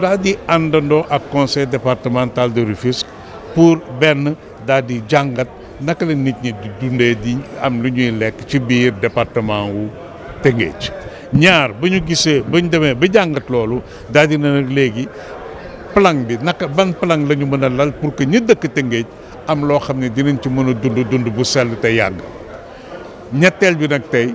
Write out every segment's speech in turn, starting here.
daa di àndandoo ak conseil départemental de Rufisque pour benn daa di jàngat naka la nit ñi di dundee di am lu ñuy lekk ci biir département wu Tëngéej ñaar ba ñu gisee ba ñu demee ba jàngat loolu daal na nag léegi palang bi naka ban palang lañu mën a lal pour que ñi dëkk Tëngéej am loo xam ne dinañ ci mën a dund dund bu sell te yàgg ñetteel bi nag tey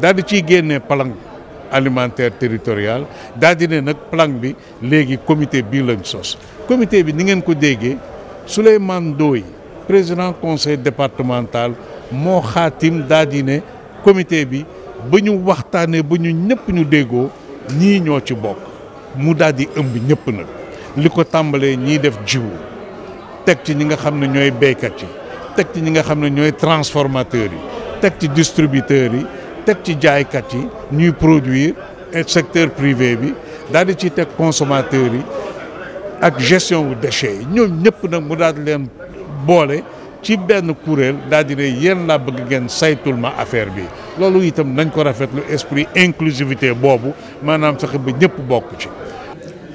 daal di ciy génnee plan alimentaire teritorial daal di ne nag palang bi léegi comité bii lañ sos comité bi ni ngeen ko déggee Souleymane Ndoye président conseil départemental moo xaatim daal ne comité bi ba ñu waxtaanee ba ñu ñëpp ñu déggoo ñii ñoo ci bokk mu daal di ëmb ñëpp nag li ko tàmbalee ñiy def jiwu teg ci ñi nga xam ne ñooy béykat yi teg ci ñi nga xam ne ñooy transformateurs yi teg ci distributeurs yi teg ci jaaykat yi ñuy produire secteur privé bi daal di ci teg consommateurs yi ak gestion wu déchets yi ñoom ñëpp nag mu daal di leen boole ci benn kuréel daal di ne yéen laa bëgg gën saytul ma affaire bi lolu itam nañ ko rafetlu esprit inclusivité bobu manam sax bi ñëpp bokk ci.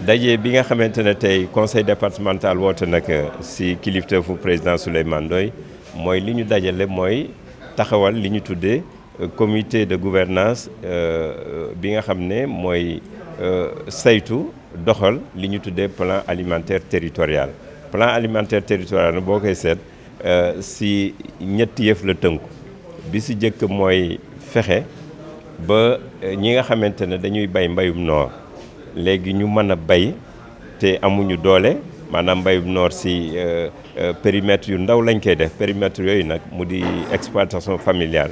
dajé bi nga xamante tay conseil départemental woote nak euh, si kilifteefu président Souleymane Doy moy li ñu dajale mooy taxawal li ñu tuddee. Euh, comité de gouvernance euh, euh, bi nga xamné moy mooy saytu doxal li ñu tuddee plan alimentaire territorial plan alimentaire territorial bo boo koy seet si ñetti yef le teunk bi ci jëk moy fexé ba ñi nga xamante ne dañuy bay mbayum nord légui ñu mëna bay té amuñu doolé manam mbayum nord si périmètre yu ndaw lañ koy def périmètre yoy nak mudi exploitation familiale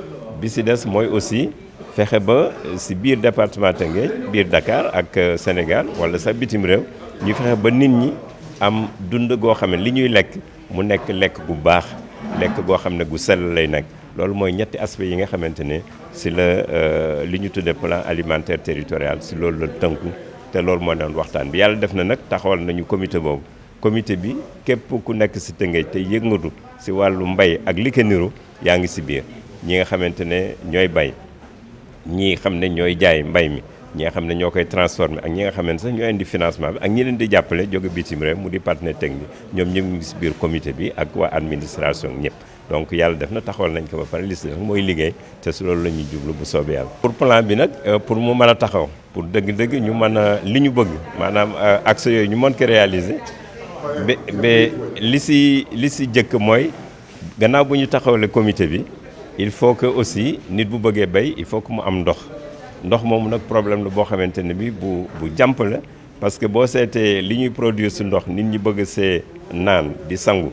bi si des mooy aussi fexe ba euh, si biir département Tëngéej biir Dakar ak euh, Sénégal wala sa bitim rew ñu fexe ba nit ñi am dund go xam li ñuy lekk mu nekk lekk gu baax lekk go xam gu sell lay nekk lool moy ñetti aspect yi nga xamantene ci le la euh, li ñu tuddee plan alimentaire territorial ci loolu la tënku te loolu mo doon waxtaan bi yalla def na nag taxawal nañu comité boobu comité bi képp ku nekk si Tëngéej te yëngatu si wàllu mbay ak likeniru ko niru yaa ngi si biir ñi nga xamante ne ñooy bay ñi xam ne ñooy jaay mbay mi ñi nga xam ne ñoo koy transformé ak ñi nga xam ne sax ñoo indi financement bi ak ñi leen di jàppale jóge bitim réew mu di partenaire technique ñoom ñëpp ngi si biir comité bi ak wa administration ñëpp donc yàlla def na taxawal nañ ko ba pare liste mooy liggéey te su loolu la ñuy jublu bu soobee yàlla. pour plan bi nag euh, pour mu mën a taxaw pour dëgg-dëgg ñu mën a li ñu bëgg maanaam euh, accès yooyu ñu mën ko réaliser ba ba li si li si jëkk mooy gannaaw bu ñu taxawalee comité bi il faut que aussi nit bu bëggee bay il faut que mu am ndox ndox moomu nag problème la boo xamante ne bi bu bu jàmp la parce que boo seetee li ñuy produire si ndox nit ñi bëgg see naan di sangu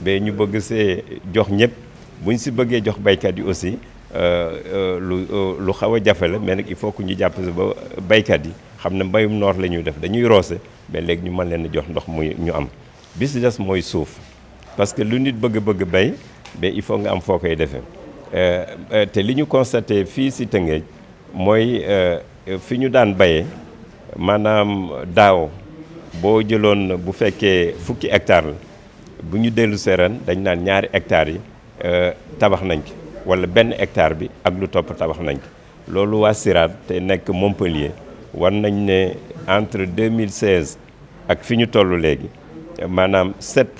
ba ñu bëgg see jox ñëpp buñ ñu si bëggee jox baykat yi aussi euh, euh, lu euh, lu xaw a jafe la mais nag il faut que ñu jàpp si ba baykat yi xam ne mbayum noor la ñuy def dañuy roose mais léegi ñu mën leen jox ndox muy ñu am bis des mooy suuf parce que lu nit bëgg-bëgg bay mais il faut nga am foo koy defee euh, euh, te li que constaté si Tëngéej mooy euh, fi d'un daan béyee maanaam daaw boo jëloon bu fekkee fukki la bu ñu dañ naan ñaari hectares yi tabax hectare bi ak lu tabax Montpellier war entre 2016 ak fi ñu 7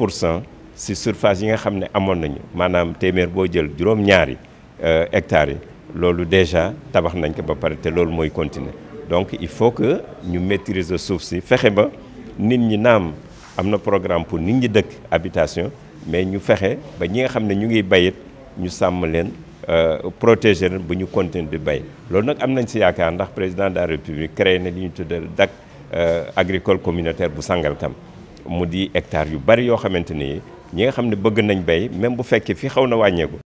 si surfaces yi nga xamné amon nañu manam témèr bo jël juróom-ñaari euh, hectares lolu déjà tabax nañ ko ba paré té lolu moy continuer donc il faut que ñu maîtriser suuf si fexé ba nit ñi naam amna programme pour nit ñi dëkk habitation mais ñu fexé ba ñi nga xamné ñu ngi bayit ñu sam leen euh, protéger bu ñu continuer di bay lolu nak amnañ ci yaakaar ndax président de la république créé na li ñu dak euh agricole communautaire bu Sangalkam mu di hectares yu bari yo xamante ñi nga xam ne bëgg nañ bay même bu fekkee fii xaw na wàññeeku